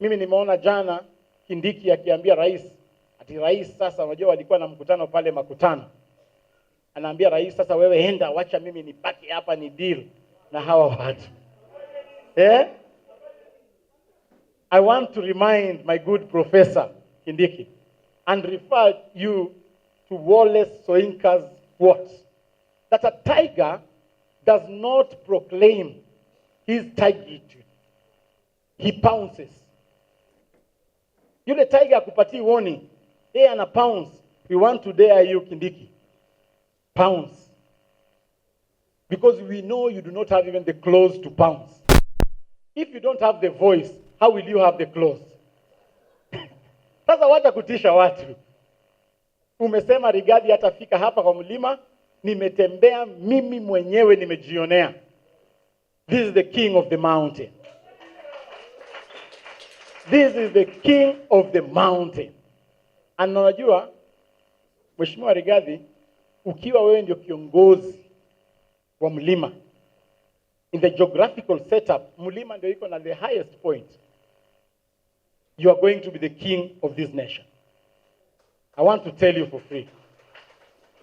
Mimi nimeona jana Kindiki akiambia rais ati rais, sasa unajua walikuwa na mkutano pale Makutano, anaambia rais, sasa wewe enda, wacha mimi nibaki hapa ni deal na hawa watu eh? I want to remind my good professor Kindiki and refer you to Wallace Soinka's quote that a tiger does not proclaim his tigitude. He pounces. Yule tiger akupatii warning, yeye ana pounce. We want to dare you Kindiki, pounce because we know you do not have even the claws to pounce. If you don't have the voice, how will you have the claws? Sasa wacha kutisha watu. Umesema Rigathi hatafika hapa kwa mlima, nimetembea mimi mwenyewe nimejionea. This is the king of the mountain. This is the king of the mountain. and unajua Mheshimiwa Rigathi, ukiwa wewe ndio kiongozi wa mlima in the geographical setup, mlima ndio iko na the highest point, you are going to be the king of this nation. I want to tell you for free.